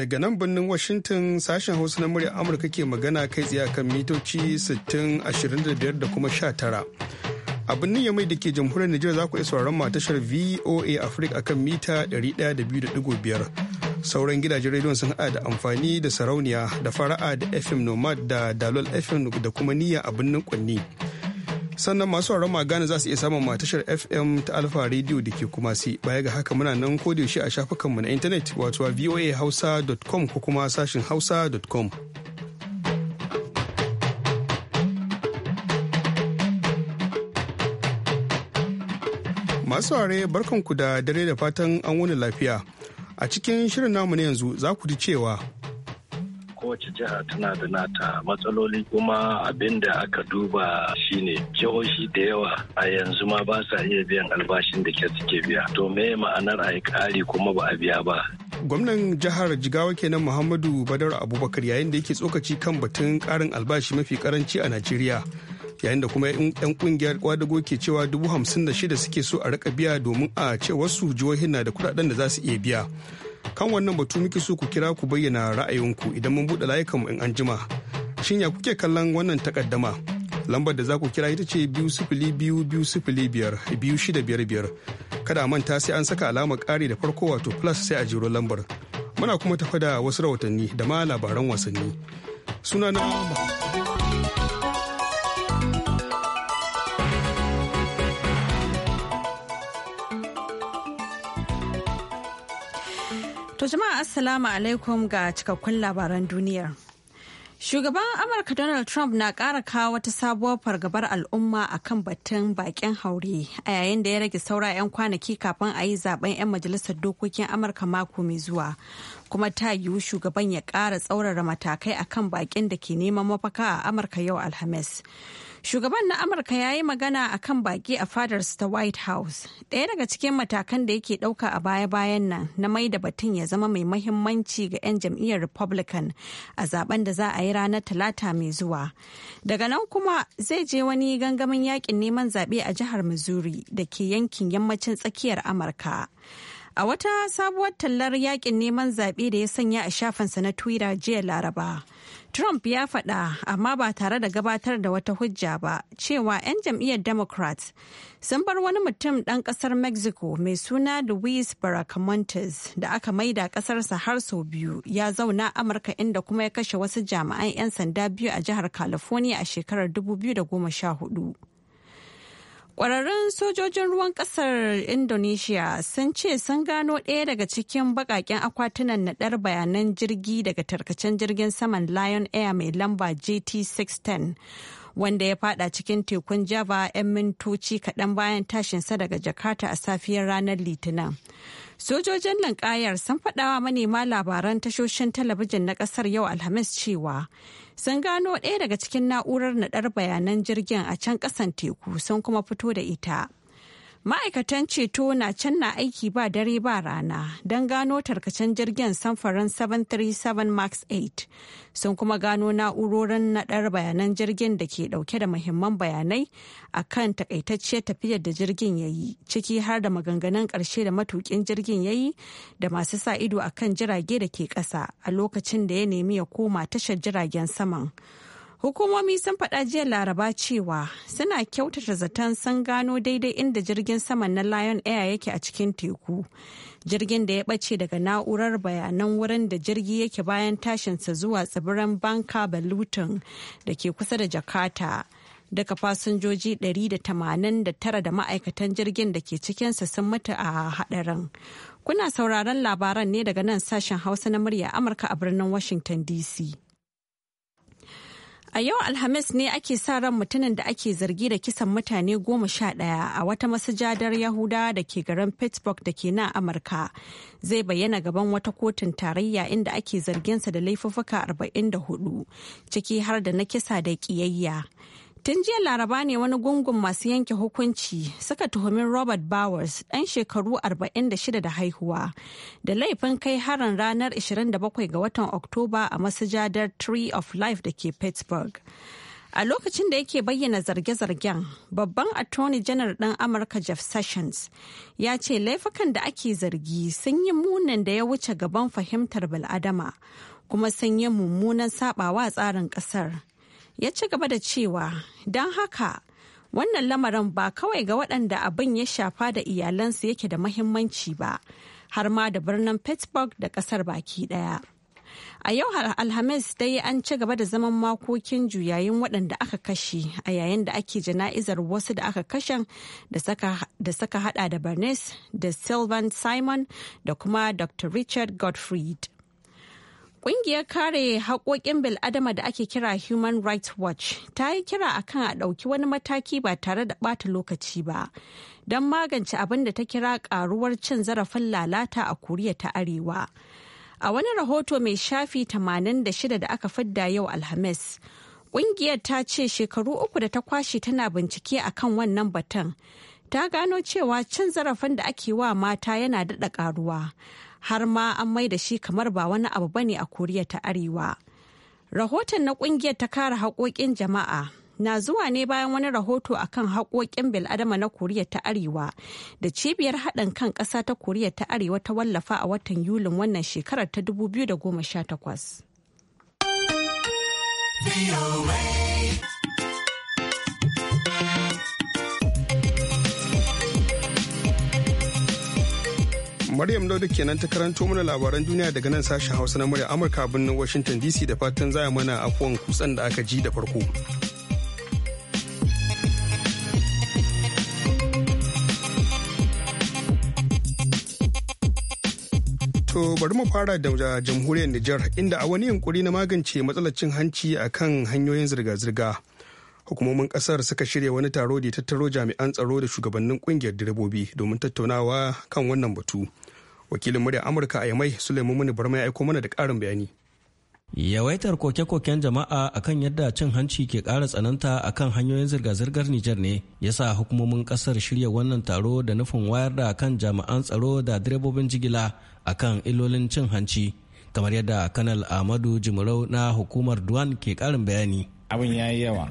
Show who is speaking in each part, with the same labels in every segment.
Speaker 1: daga nan birnin washington sashen hausa na murya amurka ke magana kai tsaye kan mitoci 6025 da kuma 19 a birnin yamai da ke jamhuriyar nijar za ku iya sauraron matashar voa africa akan mita 102.5 sauran gidajen rediyon sun haɗa da amfani da sarauniya da fara'a da fm nomad da dalol fm da kuma niyya a birnin kwanni sannan masu sauraron magana za su iya samun matashar fm ta alfa radio da ke kuma si baya ga haka muna nan ko yaushe a shafukanmu na intanet wato voahausa.com ko kuma sashin hausa.com masu ware barkanku da dare da fatan an wani lafiya a cikin shirin namu na yanzu za ku ji cewa
Speaker 2: kowace jiha tana da nata matsaloli kuma abin da aka duba shine jihohi da yawa a yanzu ma ba sa iya biyan albashin da ke suke biya to me ma'anar a yi ƙari kuma ba a biya ba
Speaker 1: gwamnan jihar jigawa kenan muhammadu badar abubakar yayin da yake tsokaci kan batun karin albashi mafi karanci a najeriya yayin da kuma 'yan kungiyar kwadago ke cewa dubu hamsin da shida suke so a rika biya domin a ce wasu jihohin na da kudaden da za su iya biya kan wannan batu muke so ku kira ku bayyana ra'ayinku idan mun buɗe layukanmu in an jima shin ya kuke kallon wannan takaddama lambar da za ku kira ita ce biyu sifili biyu biyu sifili biyar biyu shida biyar biyar kada manta sai an saka alamar ƙari da farko wato plus sai a jiro lambar muna kuma tafa da wasu rawatanni, da ma labaran wasanni sunana
Speaker 3: To jama'a assalamu alaikum ga cikakkun labaran duniyar. Shugaban Amurka Donald Trump na ƙara kawo wata sabuwar fargabar al'umma a kan batun baƙin haure a yayin da ya rage saura 'yan kwanaki kafin a yi zaben 'yan majalisar dokokin Amurka mako mai zuwa. Kuma ta yiwu shugaban ya ƙara tsaurara matakai a kan baƙin da ke neman mafaka a Amurka yau Alhamis. Shugaban na Amurka ya yi magana a kan baƙi a fadarsa ta White House. Ɗaya daga cikin matakan da yake ɗauka a baya-bayan nan na mai da batun ya zama mai mahimmanci ga 'yan jam'iyyar Republican a zaben da za a yi ranar Talata mai zuwa. Daga nan kuma zai je wani gangamin yakin neman zaɓe a jihar Missouri da ke yankin yammacin tsakiyar Amurka. A wata sabuwar tallar yakin neman zaɓe da ya sanya a shafinsa na Twitter jiya Laraba. Trump ya faɗa amma ba tare da gabatar da wata hujja ba cewa 'yan jam'iyyar Democrats sun bar wani mutum ɗan ƙasar Mexico mai suna Luis Barakamontes da aka maida ƙasarsa har sau biyu ya zauna Amurka inda kuma ya kashe wasu jami'an 'yan sanda biyu a jihar California a shekarar 2014. Kwararrun sojojin ruwan ƙasar Indonesia sun ce sun gano ɗaya daga cikin baƙaƙen akwatunan naɗar bayanan jirgi daga tarkacen jirgin saman Lion Air mai lamba JT610 wanda ya fada cikin tekun Java 'yan mintoci kaɗan bayan tashinsa daga Jakarta a safiyar ranar Litinin. Sojojin linƙayar sun faɗawa manema labaran tashoshin talabijin na ƙasar yau Alhamis cewa sun gano ɗaya daga cikin na'urar naɗar bayanan jirgin a can ƙasan teku sun kuma fito da ita. ma'aikatan ceto na can na aiki ba dare ba rana don gano tarkacen jirgin samfarin 737 max 8 sun kuma gano na'urorin naɗar bayanan jirgin da ke dauke da muhimman bayanai a kan takaitacciyar tafiyar da jirgin ya yi ciki har da maganganun ƙarshe da matukin jirgin ya yi da masu sa ido a kan jirage da ke ƙasa a lokacin da ya nemi ya koma tashar jiragen saman. Hukumomi sun faɗa jiya Laraba cewa suna kyautata zaton sun gano daidai inda jirgin saman na Lion Air yake a cikin teku. Jirgin da ya ɓace daga na'urar bayanan wurin da jirgi yake bayan tashinsa zuwa tsibirin Banka Baluton da ke kusa da Jakarta. Daga fasinjoji 189 da ma'aikatan jirgin da ke cikinsa sun mutu a haɗarin. Kuna sauraron labaran ne daga nan sashen Hausa na murya Amurka a birnin Washington DC. A yau Alhamis ne ake sa ran mutumin da ake zargi da kisan mutane goma sha ɗaya a wata masajadar Yahuda da ke garin Pittsburgh da ke nan Amurka. Zai bayyana gaban wata kotun tarayya inda ake zargin sa da laifuffuka 44 ciki har da na kisa da ƙiyayya. Tun jiya laraba ne wani gungun masu yanke hukunci suka tuhumin Robert Bowers ɗan shekaru 46 da haihuwa da laifin kai harin ranar 27 ga watan Oktoba a masujadar Tree of Life da ke Pittsburgh. A lokacin da yake bayyana zarge-zargen, babban attorney general ɗan Amurka Jeff Sessions ya ce laifukan da ake zargi sun yi munan da ya wuce gaban fahimtar bil'adama kuma sun yi mummunan sabawa tsarin ƙasar. ya ci gaba da cewa don haka wannan lamarin ba kawai ga waɗanda abin ya shafa da iyalansu yake da mahimmanci ba har ma da birnin pittsburgh da ƙasar baki ɗaya a yau alhamis dai an ci gaba da zaman makokin juyayin waɗanda aka kashe a yayin da ake jana'izar wasu da aka kashe da saka hada da bernice da sylvan simon da kuma dr richard godfrey Ƙungiyar kare haƙoƙin bil'adama da ake kira Human Rights Watch ta yi kira akan a ɗauki wani mataki ba tare da ɓata lokaci ba don magance abin da ta kira ƙaruwar cin zarafin lalata a Koriya ta Arewa. A wani rahoto mai shafi 86 da aka fidda yau Alhamis, ƙungiyar ta ce shekaru uku da ta kwashe tana bincike a kan wannan batun. Ta gano cewa cin zarafin da ake wa mata yana daɗa ƙaruwa. har ma an mai da shi kamar ba wani abu bane a koriya ta arewa rahoton na kungiyar ta kare haƙoƙin jama'a na zuwa ne bayan wani rahoto akan haƙoƙin bil'adama na koriya ta arewa da cibiyar haɗin kan ƙasa ta koriya ta arewa ta wallafa a watan yulin wannan shekarar ta 2018
Speaker 1: Maryam Lauda kenan ta karanto mana labaran duniya daga nan sashen Hausa na murya Amurka birnin Washington DC da fatan zaya mana afuwan kutsen da aka ji da farko. To bari mu fara da jamhuriyar Nijar inda a wani yunkuri na magance matsalar cin hanci a kan hanyoyin zirga-zirga. Hukumomin kasar suka shirya wani taro da tattaro jami'an tsaro da shugabannin kungiyar direbobi domin tattaunawa kan wannan batu. wakilin murya amurka a yamai sulaiman muni barma ya aiko mana da ƙarin bayani
Speaker 4: yawaitar koke-koken jama'a akan yadda cin hanci ke ƙara tsananta akan hanyoyin zirga-zirgar Nijar ne ya sa hukumomin ƙasar shirya wannan taro da nufin wayar da kan jami'an tsaro da direbobin jigila akan ilolin cin hanci kamar yadda kanal amadu Jimarau na hukumar Duwan ke ƙarin bayani. Abin ya yi yawa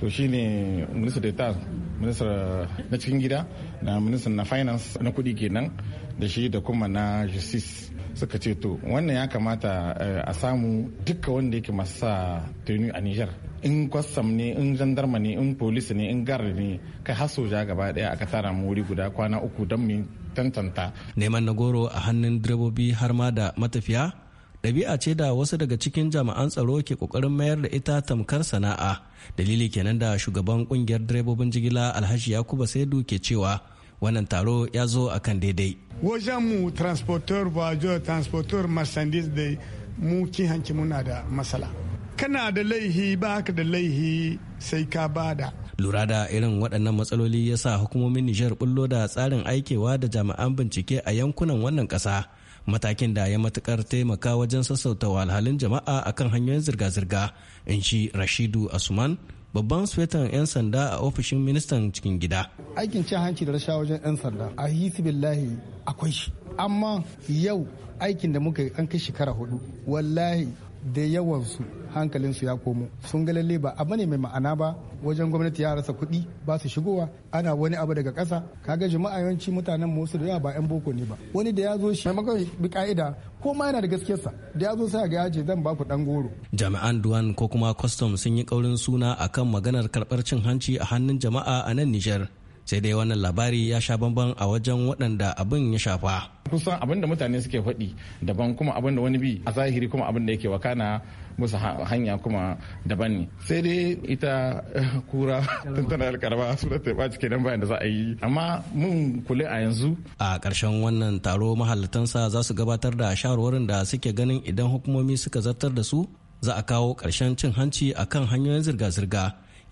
Speaker 4: to shine minista da minista na cikin gida na minista na finance na kudi
Speaker 5: kenan da shi da kuma na justice suka ce to wannan ya kamata eh, a samu duka wanda yake masu sa tenu a Niger. in kwastam ne in jandarma ne in polisi ne in gar ne kai har soja gaba daya aka tara mu wuri guda kwana uku don mu
Speaker 4: tantanta neman na goro a hannun direbobi har ma da matafiya ɗabi'a ce da wasu daga cikin jami'an tsaro ke kokarin mayar da ita tamkar sana'a dalili kenan da shugaban ƙungiyar direbobin jigila alhaji yakuba saidu ke cewa wannan taro ya zo a kan daidai
Speaker 1: wajenmu transporteur voyageur transporteur marchandise da mu hanki muna da masala kana da laihi ba ka da laihi sai ka bada
Speaker 4: lura da irin waɗannan matsaloli ya sa hukumomin nijar bullo da tsarin aikewa da jami'an bincike a yankunan wannan ƙasa matakin da ya matukar taimaka wajen sassauta walhalin jama'a akan hanyoyin zirga-zirga in shi rashidu asuman babban swetan 'yan sanda a ofishin ministan cikin gida
Speaker 1: aikin cin hanci da rasha wajen 'yan sanda a billahi akwai shi amma yau aikin da muka yi an kai shekara hudu wallahi da yawansu hankalinsu ya komo sun ga lalle ba abu ne mai ma'ana ba wajen gwamnati ya rasa kuɗi ba su shigowa ana wani abu daga ƙasa kaga jama'a yawanci mutanen musu wasu da yawa ba yan boko ne ba wani da ya zo shi maimakon bi ka'ida ko ma yana da sa da ya zo sai ga yaje zan ba ku dan goro
Speaker 4: jami'an duwan ko kuma custom sun yi kaurin suna akan maganar karɓar cin hanci a hannun jama'a a nan Nijar sai dai wannan labari ya sha bamban a wajen waɗanda abin ya shafa
Speaker 5: kusan abin da mutane suke faɗi daban kuma abin da wani bi a zahiri kuma abin da yake wakana musu hanya kuma daban ne sai dai ita eh, kura tun tana su da taiba cike nan bayan da za a yi amma mun kule a yanzu
Speaker 4: a ƙarshen wannan taro mahallatansa za su gabatar da shawarwarin da suke ganin idan hukumomi suka zartar da su za a kawo ƙarshen cin hanci akan hanyoyin zirga-zirga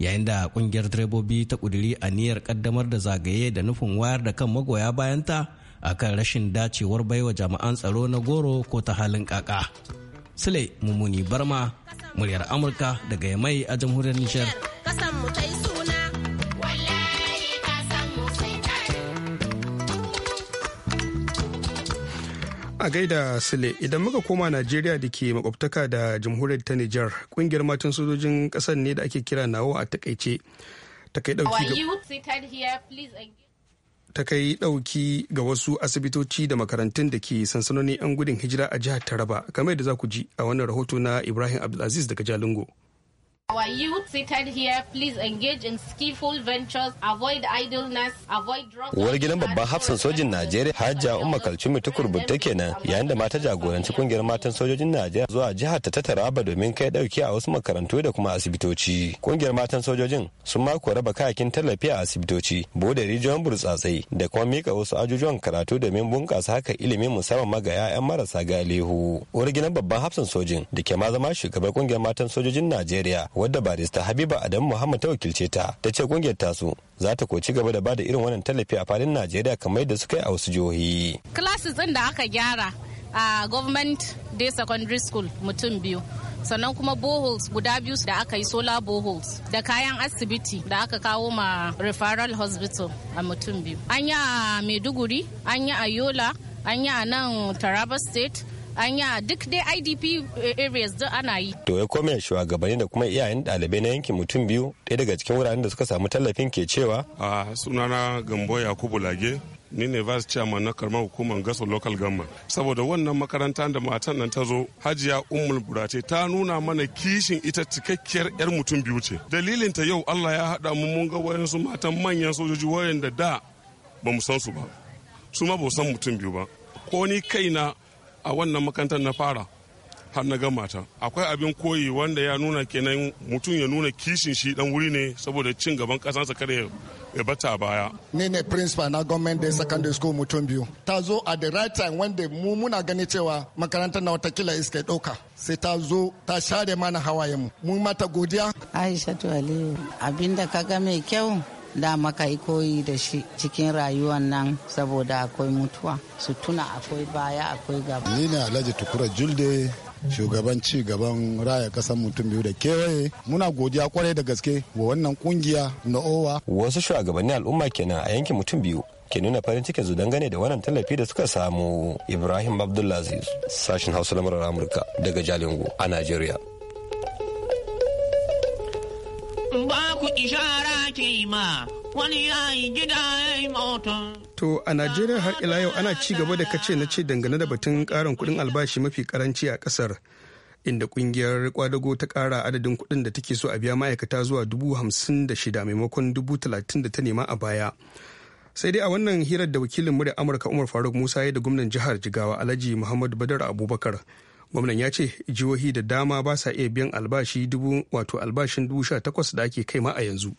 Speaker 4: yayin da kungiyar direbobi ta kuduri niyyar kaddamar da zagaye da nufin wayar da kan magoya bayanta akan rashin dacewar baiwa jami'an tsaro na goro ko ta halin kaka. Sule Mumuni Barma, muryar Amurka daga Yamai a jamhuriyar Nijar.
Speaker 1: a gaida sile idan muka koma najeriya da ke makwabtaka da jamhuriyar ta nijar kungiyar matan sojojin kasar ne da ake kira nawo a takaice ta dauki ta kai ɗauki ga wasu asibitoci da makarantun da ke sansanoni 'yan gudun hijira a jihar taraba kamar yadda za ku ji a wannan rahoto na ibrahim abdulaziz daga jalingo
Speaker 2: Our youth seated here, please engage in skillful ventures, avoid idleness, avoid drugs.
Speaker 1: Uwar gidan babban hafsan sojin Najeriya
Speaker 6: Hajja Umma ta Tukurbuta kenan yayin da mata jagoranci kungiyar matan sojojin Najeriya zuwa jihar ta Taraba domin kai dauki a wasu makarantu da kuma asibitoci. Kungiyar matan sojojin sun mako raba kayakin tallafi a asibitoci, bude rijiyoyin burtsatsai da kuma mika wasu ajujuwan karatu domin bunkasa haka ilimin musamman ma 'ya'yan marasa galihu. Uwar gidan babban hafsan sojin da ke ma zama shugaban kungiyar matan sojojin Najeriya wadda barista habiba adamu muhammad ta wakilce ta ta ce kungiyar tasu za ta ko gaba da bada irin wannan tallafi a fadin najeriya kamar yadda suka yi a wasu jihohi
Speaker 2: classes din da aka gyara a government day secondary school mutum biyu sannan kuma boholes guda biyu da aka yi solar boholes da kayan asibiti da aka kawo ma referral hospital a mutum biyu an yi a maiduguri an yi a yola an yi a nan taraba state anya duk dai idp eh, areas da ana yi
Speaker 6: to ya kome shugabanni da kuma iyayen dalibai na yankin mutum biyu ɗaya daga cikin wuraren da suka samu tallafin ke cewa
Speaker 5: a sunana gambo yakubu lage ni ne vice chairman na karamar hukumar gaso local government saboda wannan makarantar da matan nan ta zo hajiya ummul burace ta nuna mana kishin ita cikakkiyar yar mutum biyu ce dalilin ta yau Allah ya haɗa mu mun ga wayansu matan manyan sojoji wayanda da ba mu san su ba su ma ba san mutum biyu ba ko ni kaina a wannan makarantar na fara har na gama ta akwai abin koyi wanda ya nuna kenan mutum ya nuna kishin shi dan wuri ne saboda cin gaban kasansa kada ya bata baya
Speaker 4: ni ne principal na government day secondary school mutum biyu ta zo a the right time wanda mu muna gani cewa makarantar na watakila iska ɗauka sai ta
Speaker 7: zo ta share mana hawaye mu mu mata godiya aisha aliyu abinda ka ga mai kyau dama ka yi koyi da shi cikin rayuwan nan saboda akwai mutuwa su tuna akwai baya akwai gaba.
Speaker 5: Ni ne Alhaji Tukura Julde shugaban ci gaban raya kasan mutum biyu da kewaye muna godiya kwarai da gaske wa wannan kungiya
Speaker 6: na owa. Wasu shugabannin al'umma kenan a yankin mutum biyu ke nuna farin cikin su dangane da wannan tallafi da suka samu Ibrahim Abdulaziz sashen Hausa lamarar Amurka daga Jalingo a
Speaker 1: nigeria.
Speaker 4: Ba ku ishara
Speaker 5: ake ma wani yayi gida mota.
Speaker 1: To a Najeriya har ila yau ana ci gaba da kace na ce dangane da batun karin kudin albashi mafi karanci a kasar Inda kungiyar kwadago ta kara adadin kudin da take so a biya ma'aikata zuwa dubu hamsin da shida maimakon dubu talatin da ta nema a baya. Sai dai a wannan hirar da wakilin murya Amurka Umar Faruk Musa ya da gwamnan jihar Jigawa Alhaji Muhammad Badar Abubakar. gwamnan ya ce jihohi da dama ba sa iya biyan albashi dubu wato albashin dubu sha takwas da ake kai ma a yanzu.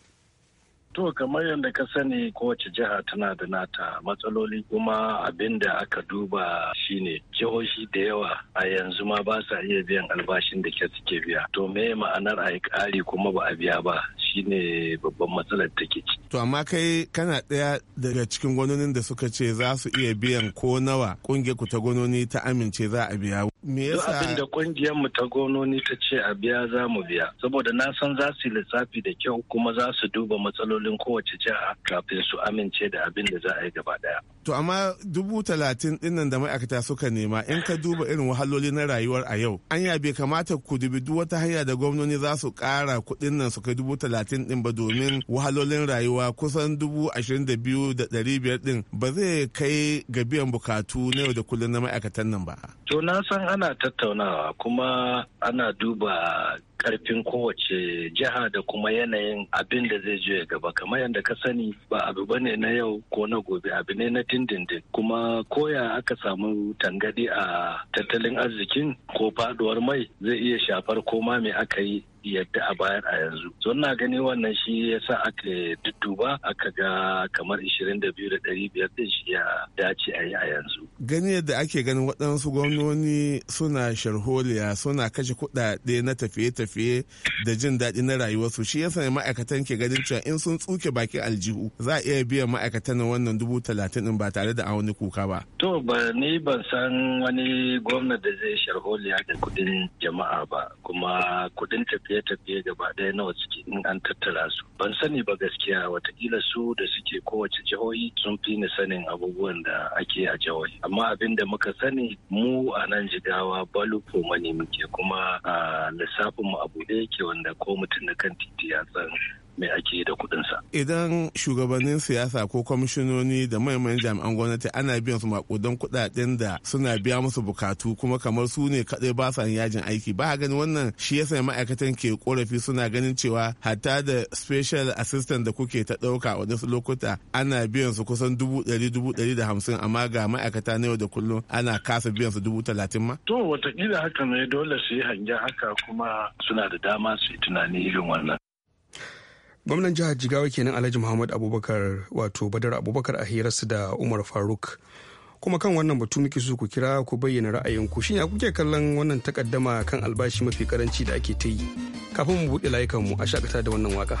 Speaker 2: To kamar yadda ka sani kowace jiha tana da nata matsaloli kuma abin da aka duba shine jihohi da yawa a yanzu ma ba sa iya biyan albashin da ke suke biya. To me ma'anar a yi ƙari kuma ba a biya ba shine babban matsalar ke ci.
Speaker 5: To amma kai kana ɗaya daga cikin gwanonin da suka ce za su iya biyan ko nawa ƙungiyar ku ta gwanoni ta amince za a biya.
Speaker 2: me yasa abin da kungiyar mu ta gononi ta ce a biya za mu biya saboda na san za su lissafi da kyau kuma za su duba matsalolin kowace jiha kafin su amince da abin da za a yi gaba daya
Speaker 5: to amma dubu talatin dinnan da ma'aikata suka nema in ka duba irin wahaloli na rayuwar a yau an bai kamata ku dubi duk wata hanya da gwamnoni za su kara kuɗin nan su kai dubu talatin din ba domin wahalolin rayuwa kusan dubu ashirin da biyu da ɗari biyar din ba zai kai ga biyan bukatu na yau da kullum na ma'aikatan nan ba
Speaker 2: to na san ana tattaunawa kuma ana duba karfin kowace jiha da kuma yanayin abin da zai ya gaba kamar yadda ka sani ba abu ba ne na yau ko na gobe abu ne na dindindin kuma koya aka samu tangadi a tattalin arzikin ko faduwar mai zai iya shafar koma mai aka yi yadda a bayar a yanzu. So na gani wannan shi ya sa aka dudduba aka ga kamar 22,500 din shi ya dace a yi a
Speaker 5: yanzu. Gani yadda ake ganin waɗansu gwamnoni suna sharholiya suna kashe kuɗaɗe na tafiye-tafiye fiye da jin daɗi na rayuwarsu shi yasa ne ma'aikatan ke ganin cewa in sun tsuke bakin aljihu za a iya biyan ma'aikatan na wannan dubu talatin ɗin ba tare da an wani kuka ba.
Speaker 2: to ba ni ban san wani gwamna da zai sharholiya da kuɗin jama'a ba kuma kuɗin tafiye-tafiye gaba ɗaya nawa suke in an tattara su ban sani ba gaskiya watakila su da suke kowace jihohi sun fi ni sanin abubuwan da ake a jihohi amma abin da muka sani mu a nan jigawa balu mani muke kuma a lissafin abu a buɗe yake wanda ko mutum na kan titi ya san me ake da kuɗin
Speaker 5: idan shugabannin siyasa ko kwamishinoni da maimayin jami'an gwamnati ana biyan su maƙudan kuɗaɗen da suna biya musu bukatu kuma kamar su ne kaɗai ba sa yajin aiki ba a gani wannan shi yasa ma'aikatan ke korafi suna ganin cewa hatta da special assistant da kuke ta ɗauka a wani lokuta ana biyan su kusan dubu dari dubu dari da hamsin amma ga ma'aikata na yau da kullum ana kasa biyan su dubu talatin ma.
Speaker 2: to watakila haka ne dole su yi hangen haka kuma suna da dama su yi tunani irin wannan.
Speaker 5: gwamnan jihar jigawa
Speaker 1: kenan alhaji muhammad abubakar wato badar abubakar a hirarsu da umar faruk kuma kan wannan batu muke su ku kira ku bayyana ra'ayinku shi ya kuke kallon wannan takaddama kan albashi mafi karanci da ake ta yi kafin mu buɗe layukanmu a shakata da wannan waka.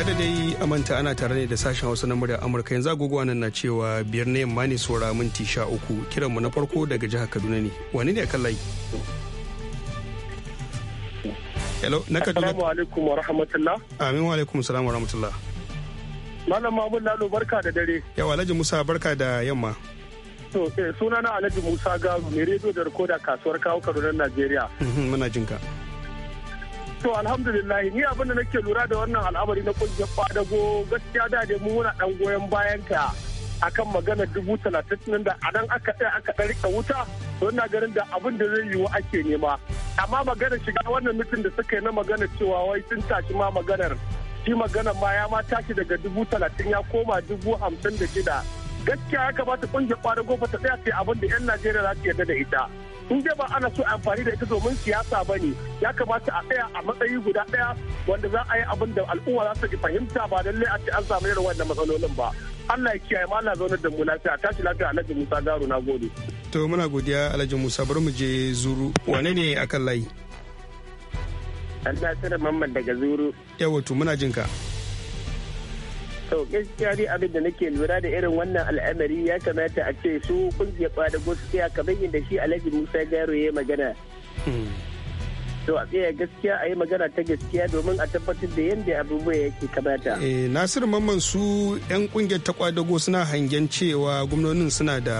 Speaker 1: kada dai amanta ana tare ne da sashen hausa na murya amurka yanzu agogowa nan na cewa biyar na yamma ne saura minti sha uku kiranmu na farko daga jihar kaduna ne wani
Speaker 8: ne kan layi hello na kaduna assalamu alaikum wa rahmatullah
Speaker 1: amin wa alaikum salam wa rahmatullah
Speaker 8: malam mamun lalo barka da dare
Speaker 1: yawa alhaji musa barka da yamma
Speaker 8: to eh, sunana alhaji musa garu ne rediyo da rikoda kasuwar kawo kaduna najeriya mhm, muna jinka To alhamdulillah ni abin da nake lura da wannan al'amari na kungiyar fadago gaskiya da da mu muna dan goyon bayan ta akan magana dubu talatin da a nan aka tsaya aka dari rika wuta to na ganin da abin da zai yiwu ake nema amma magana shiga wannan mutum da suka yi na magana cewa wai sun tashi ma maganar shi maganar ma ya ma tashi daga dubu talatin ya koma dubu hamsin da shida gaskiya ya kamata kungiyar fadago ba ta tsaya sai abin da 'yan najeriya za su yarda da ita in dai ba ana so amfani da ita domin siyasa ba ne ya kamata a tsaya a matsayi guda ɗaya wanda za a yi abin da al'umma za su fahimta ba lallai a ce an samu irin wannan matsalolin ba Allah ya kiyaye ma Allah zaunar da mu lafiya tashi lafiya Alhaji Musa Garo na gode
Speaker 1: to muna godiya Alhaji Musa bari mu je zuru wane ne akan layi
Speaker 8: Allah tsare Mamman daga zuru
Speaker 1: yawa to muna jinka
Speaker 8: to gaskiya dai abin da nake lura da irin wannan al'amari ya kamata a ce su kungiyar kwada gaskiya kamar yadda shi alhaji musa garo ya magana to a tsaya gaskiya a yi magana ta gaskiya domin a tabbatar da yadda abubuwa yake kamata.
Speaker 1: Eh, Nasir Mamman su 'yan kungiyar ta kwadago suna hangen cewa gwamnonin suna da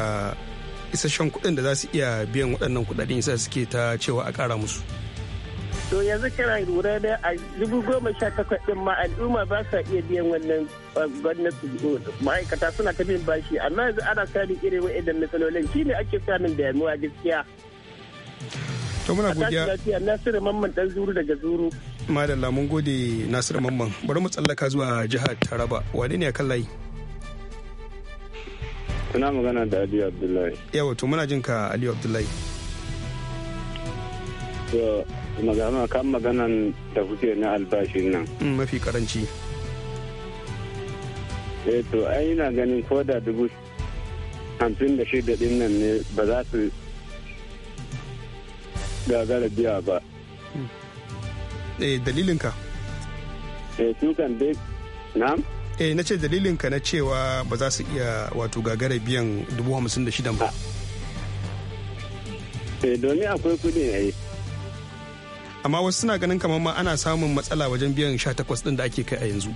Speaker 1: isasshen kuɗin da za su iya biyan waɗannan kuɗaɗen isa suke ta cewa a ƙara musu.
Speaker 8: to yanzu kana lura da a dubu goma sha takwas din ma al'umma ba sa iya biyan wannan gwamnati ma'aikata suna ta bin bashi amma yanzu ana samun irin wa'idan matsalolin shi ne ake samun damuwa gaskiya.
Speaker 1: to muna godiya
Speaker 8: nasiru mamman dan zuru daga zuru
Speaker 1: madalla mun gode nasiru mamman bari mu tsallaka zuwa jihar taraba wane ne a kan layi
Speaker 8: suna magana da aliyu abdullahi
Speaker 1: yawa to muna jin ka aliyu abdullahi
Speaker 8: magana kan maganan da kuke na albashin nan
Speaker 1: mm, mafi karanci
Speaker 8: eh to ai ina ganin ko da dubu hamsin da shida din nan ne ba za su gagara biya ba mm.
Speaker 1: eh dalilinka eh tukan dai na'am eh na ce dalilinka na cewa ba za su iya wato gagara biyan dubu hamsin da shidan ba ah.
Speaker 8: eh domin akwai kudi ne
Speaker 1: amma wasu suna ganin kamar ma ana samun matsala wajen biyan 18 din da ake kai a yanzu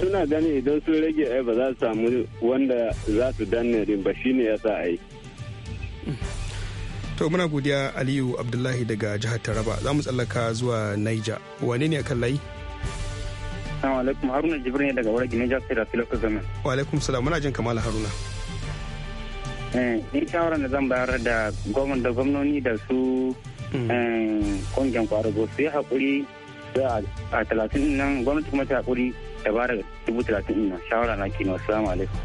Speaker 8: suna gani idan sun rage ai ba za su samu wanda za su danne din ba shine sa ai
Speaker 1: to muna godiya aliyu abdullahi daga jihar taraba za mu tsallaka zuwa naija wane ne kan layi
Speaker 8: assalamu alaikum haruna jibrin daga wurin niger state a filofin zama.
Speaker 1: wa alaikum salam muna jin kamala haruna
Speaker 8: eh, ni shawara da zan bayar da gwamnati da gwamnoni da su Mm. Eh, ƙungiyar kwarago su yi haƙuri a talatin nan gwamnati kuma ta haƙuri ta ba dubu talatin nan shawara na kino salamu alaikum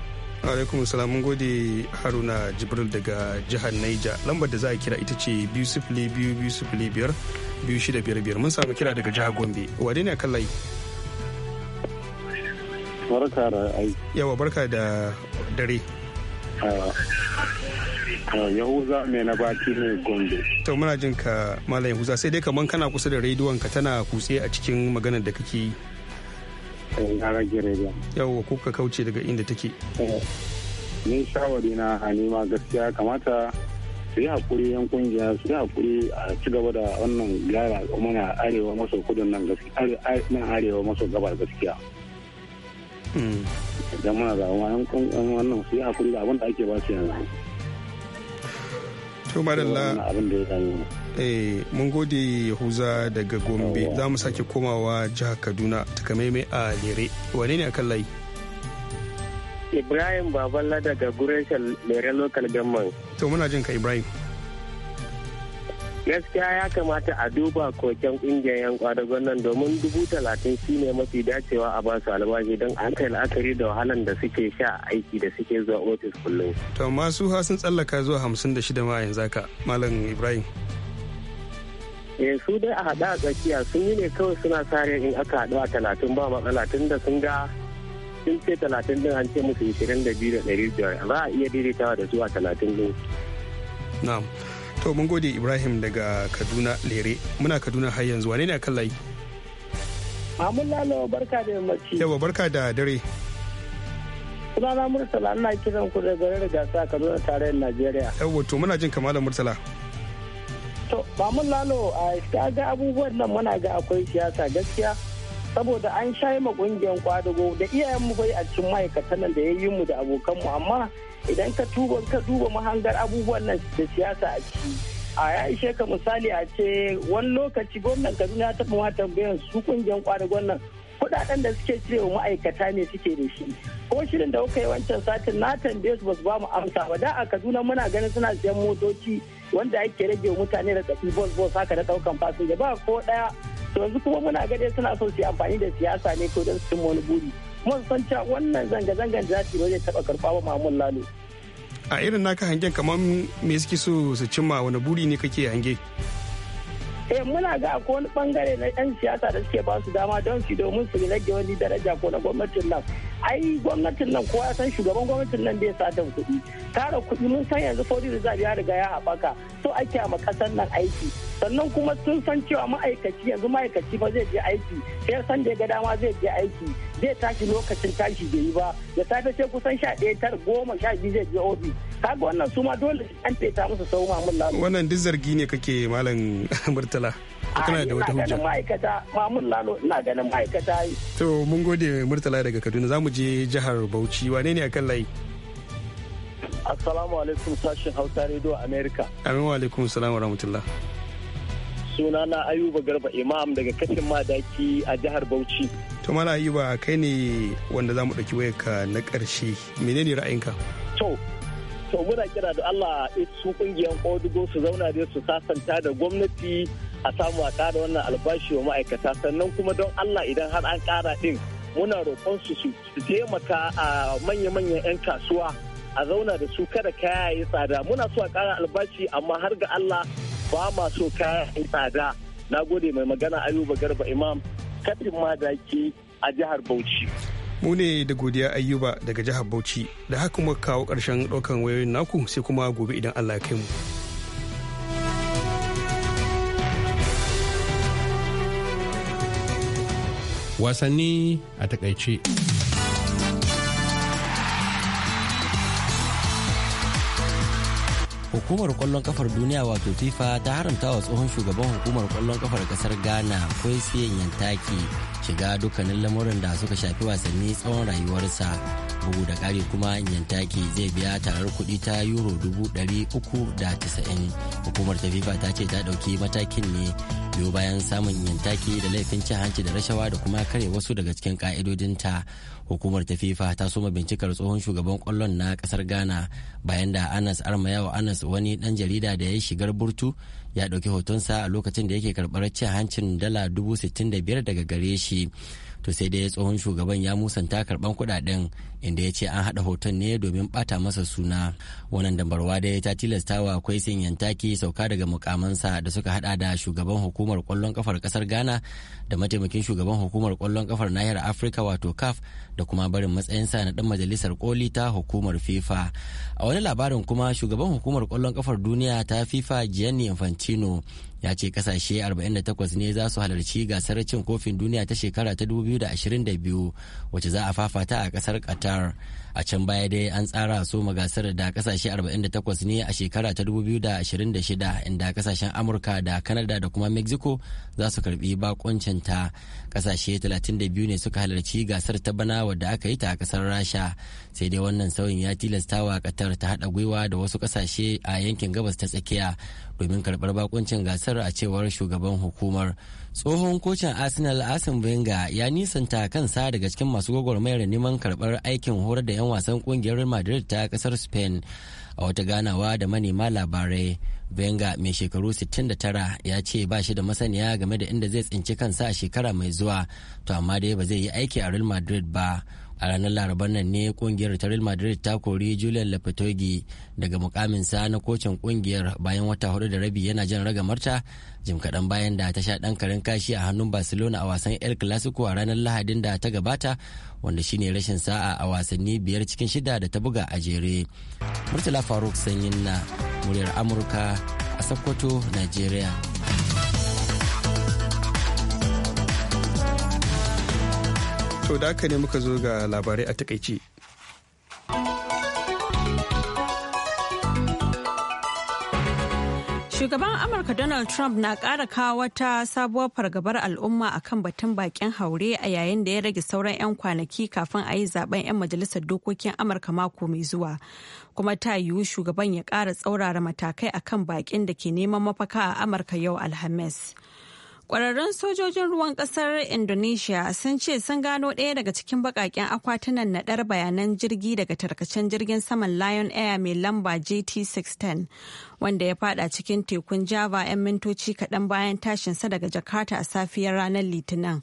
Speaker 1: alaikum salam mun gode haruna jibril daga jihar naija lambar da za a kira ita ce biyu sifili biyu biyu sifili biyar biyu shida biyar biyar mun samu kira daga jihar gombe wane ne kan layi barka da ai yawa barka da
Speaker 8: dare ah, Yahuza mai na baki ne Gombe.
Speaker 1: To muna jin ka Malam Yahuza sai dai kamar kana kusa da rediyon ka tana kutse a cikin maganar da kake yi.
Speaker 8: Na rage rediyon.
Speaker 1: Yawwa ko kauce daga inda take.
Speaker 8: Ni shawari na Halima gaskiya kamata su yi hakuri yan kungiya su yi hakuri a ci gaba da wannan gyara mana na arewa maso kudin nan gaskiya nan arewa maso gabar gaskiya. Hmm. Idan muna da wannan su yi hakuri da abin da ake ba su yanzu.
Speaker 1: to madalla eh mun gode yahuza daga gombe za mu sake komawa jihar kaduna takamaimai a lere wane ne akan layi
Speaker 8: ibrahim baballa daga gureshen lere local government
Speaker 1: to muna jin ka ibrahim
Speaker 8: gaskiya ya kamata a duba koken kungiyar yan kwadagon nan domin dubu talatin shi ne mafi dacewa a ba su albashi don an kai la'akari da wahalan da suke sha aiki da suke zuwa ofis kullum.
Speaker 1: to masu hasin sun tsallaka zuwa hamsin da shida ma yanzu ka malam ibrahim.
Speaker 8: eh su dai a haɗa a tsakiya sun yi ne kawai suna sare in aka haɗu a talatin ba matsala tun da sun ga sun ce talatin din an ce musu ishirin da biyu da ɗari biyar za a iya daidaitawa da zuwa talatin din.
Speaker 1: na'am to mun gode ibrahim daga kaduna lere muna kaduna har yanzu wane ne akan layi
Speaker 8: mamun lalo barka da yammaci
Speaker 1: yawa barka da dare
Speaker 8: sunana murtala ina kiran ku da garin gasa kaduna tarayyar najeriya
Speaker 1: yawa to muna jin kamalan murtala
Speaker 8: to mamun lalo a ga abubuwan nan muna ga akwai siyasa gaskiya saboda an sha ma kungiyar kwadago da iyayen mu bai a cikin ma'aikatan nan da ya yi mu da abokan mu amma idan ka tuba ka duba mahangar abubuwan nan da siyasa a ciki a ya ishe ka misali a ce wani lokaci gwamnan kaduna ya taɓa ma tambayan su kungiyar kwadagon nan kuɗaɗen da suke cire wa ma'aikata ne suke da shi ko shirin da kuka yi wancan satin na tambaye su basu ba mu amsa ba da a kaduna muna ganin suna siyan motoci wanda ake rage mutane da bos bos haka da daukan fasinja ba ko ɗaya. yanzu kuma muna gani suna so su yi amfani da siyasa ne ko don su cimma wani buri kuma su san cewa wannan zanga-zangan da za ba zai taɓa karɓa ba mamun lalo.
Speaker 1: a irin naka hangen kamar me suke so su cimma wani buri ne kake hange.
Speaker 8: eh muna ga akwai wani bangare na yan siyasa da suke ba su dama don su domin su rage wani daraja ko na gwamnatin nan ai gwamnatin nan kowa san shugaban gwamnatin nan bai satan kuɗi tara kuɗi mun san yanzu fodi reserve ya riga ya haɓaka so ake ma kasar nan aiki sannan kuma sun san cewa ma'aikaci yanzu ma'aikaci ba zai je aiki sai san da ya ga dama zai je aiki zai tashi lokacin tashi bai yi ba da safe sai kusan sha ɗaya tar goma sha biyu zai je ofis kaga wannan su ma dole an feta musu sau mamun lalu
Speaker 1: wannan duk zargi ne kake malam murtala kana da wata hujja
Speaker 8: ma'aikata mamun lalo ina ganin ma'aikata
Speaker 1: to mun gode murtala daga kaduna za mu je jihar bauchi wane ne akan layi
Speaker 8: assalamu alaikum sashen hausa radio america
Speaker 1: amin wa alaikum salam wa rahmatullah
Speaker 8: sunana ayuba garba imam daga kashin madaki a jihar bauchi
Speaker 1: to mala ayuba kai ne wanda za mu ɗauki wayarka na ƙarshe menene ra'ayinka
Speaker 8: to to muna kira da Allah eh, su kungiyar kodugo su zauna da su sasanta da gwamnati a samu a ƙara wannan albashi wa ma'aikata sannan kuma don Allah idan har an ƙara ɗin muna roƙon su su taimaka a manya-manyan 'yan kasuwa a zauna da su kada kaya ya tsada muna so a ƙara albashi amma har ga Allah ba ma so kaya ya tsada na gode mai magana ayuba garba imam kaɗin ke a jihar Bauchi.
Speaker 1: Mu ne da godiya ayyuba daga jihar Bauchi da haka muka kawo ƙarshen ɗaukan wayoyin naku sai kuma gobe idan Allah ya kai mu.
Speaker 4: Wasanni a takaice.
Speaker 7: hukumar kwallon kafar duniya wato fifa ta haramta wa tsohon shugaban hukumar kwallon kafar kasar ghana kwesiyen yantaki shiga dukkanin lamuran da suka shafi wasanni tsawon rayuwarsa bugu da ƙari kuma yantaki zai biya tarar kuɗi ta euro 390 hukumar ta fifa ta ce ta ɗauki matakin ne biyo bayan samun yantaki da laifin cin hanci da rashawa da kuma kare wasu daga cikin ka'idodinta hukumar ta fifa ta soma bincikar tsohon shugaban kwallon na kasar ghana bayan da anas armayawa anas wani ɗan jarida da ya shigar burtu ya ɗauki hotonsa a lokacin da yake karɓar cin hancin dala dubu sittin da biyar daga gare shi to sai dai tsohon shugaban ya musanta karban kudaden inda ya ce an hada hoton ne domin bata masa suna wannan dambarwa ya ta tilastawa akwai sin yantaki sauka daga mukamansa da suka hada da shugaban hukumar kwallon kafar kasar ghana da mataimakin shugaban hukumar kwallon kafar nahiyar afirka wato caf da kuma barin matsayin sa na dan majalisar koli ta hukumar fifa a wani labarin kuma shugaban hukumar kwallon kafar duniya ta fifa gianni infantino ya ce kasashe 48 ne za su halarci gasar cin kofin duniya ta shekara ta 2022 wacce za a fafata a kasar qatar a can baya dai an tsara so gasar da kasashe 48 ne a shekara ta 2026 inda kasashen amurka da kanada da kuma mexico za su karbi bakoncinta kasashe 32 ne suka halarci gasar ta bana wadda aka yi ta a kasar rasha sai dai wannan sauyin ya tilasta wa katar ta hada gwiwa da wasu kasashe a yankin gabas ta tsakiya domin karbar bakoncin gasar a cewar shugaban hukumar tsohon kocin arsenal asim benga ya nisanta kansa daga cikin masu gwagwarmayar neman karbar aikin horar da 'yan wasan kungiyar madrid ta kasar spain a wata ganawa da manema labarai benga mai shekaru 69 ya ce ba shi da masaniya game da inda zai tsinci kansa a shekara mai zuwa to amma dai ba zai yi aiki a real madrid ba a ranar laraban nan ne kungiyar ta real madrid ta kori julian Lopetegui daga mukaminsa na kocin kungiyar bayan wata hudu da rabi yana jan ragamarta jim kaɗan bayan da ta sha ɗan karin kashi a hannun barcelona a wasan el clasico a ranar lahadin da ta gabata wanda shine rashin sa'a a wasanni biyar cikin shida da ta buga a jere murtala faruk sanyin na muryar amurka a sokoto nigeria
Speaker 1: to da aka ne muka zo ga labarai a takaice
Speaker 3: Shugaban Amurka Donald Trump na ƙara kawo wata sabuwar fargabar al'umma a kan batun bakin haure a yayin da ya rage sauran 'yan kwanaki kafin a yi zaben 'yan majalisar dokokin Amurka mako mai zuwa. Kuma ta yiwu shugaban ya ƙara tsaurara matakai a kan bakin da ke neman mafaka a Amurka yau Alhamis. Kwararrun sojojin ruwan kasar Indonesia sun ce sun gano ɗaya daga cikin bakaken akwatunan naɗar bayanan jirgi daga tarkacen jirgin saman Lion Air mai lamba JT-16 wanda ya fada cikin tekun Java 'yan mintoci kaɗan bayan tashinsa daga Jakarta a safiyar ranar Litinin.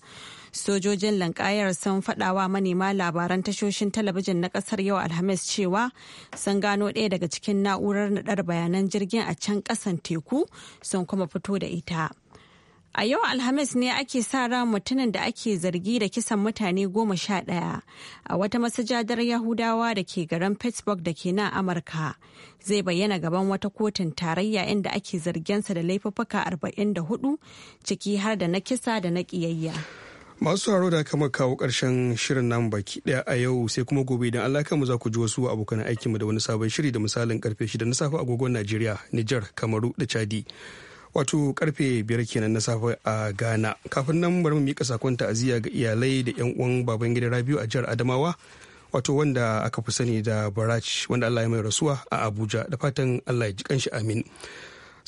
Speaker 3: Sojojin lankayar sun faɗawa manema labaran tashoshin talabijin na ƙasar yau Alhamis cewa sun gano ɗaya daga cikin na'urar naɗar bayanan jirgin a can ƙasan teku sun kuma fito da ita. A yau Alhamis ne ake sa ran mutumin da ake zargi da kisan mutane goma sha ɗaya a wata masajadar Yahudawa da ke garin Pittsburgh da ke nan Amurka. Zai bayyana gaban wata kotun tarayya inda ake zargensa da arba'in da 44 ciki har da na kisa da na ƙiyayya.
Speaker 1: Masu haro da kama kawo karshen shirin nan baki ɗaya a yau sai kuma gobe idan Allah kanmu za ku ji wasu abokan aikinmu da wani sabon shiri da misalin karfe shida na safe agogon Najeriya, Nijar, Kamaru da Chadi. wato karfe biyar kenan na safe a ghana kafin nan bari mu mika sakon ta'aziyya ga iyalai da yan uwan baban gida rabiu a jihar adamawa wato wanda aka fi sani da barach wanda allah ya mai rasuwa a abuja da fatan allah ya ji kanshi amin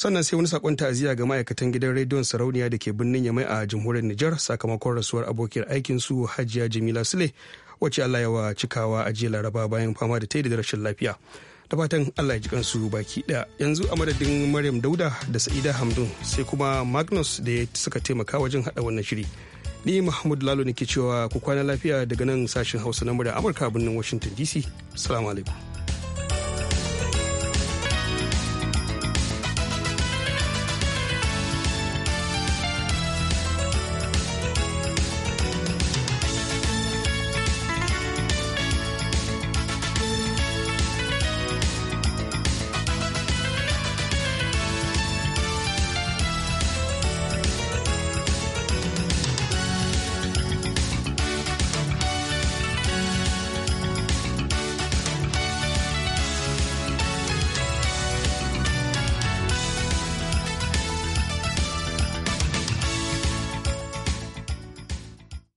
Speaker 1: sannan sai wani sakon ta'aziyya ga ma'aikatan gidan rediyon sarauniya da ke birnin yamai a jamhuriyar nijar sakamakon rasuwar abokiyar aikin su hajiya jamila sule wacce allah yawa cikawa a jiya laraba bayan fama da ta da rashin lafiya da fatan allah ya ji kansu baki ɗaya yanzu a madadin maryam dauda da sa'ida hamdun sai kuma magnus da ya suka taimaka wajen haɗa wannan shiri ni mahmud lalo ne ke cewa ku kwana lafiya daga nan sashen hausa na murya amurka birnin washington dc salamu alaikum